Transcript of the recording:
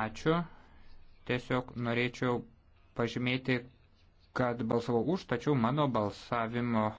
Ačiū. Tiesiog norėčiau pažymėti, kad balsavau už, tačiau mano balsavimo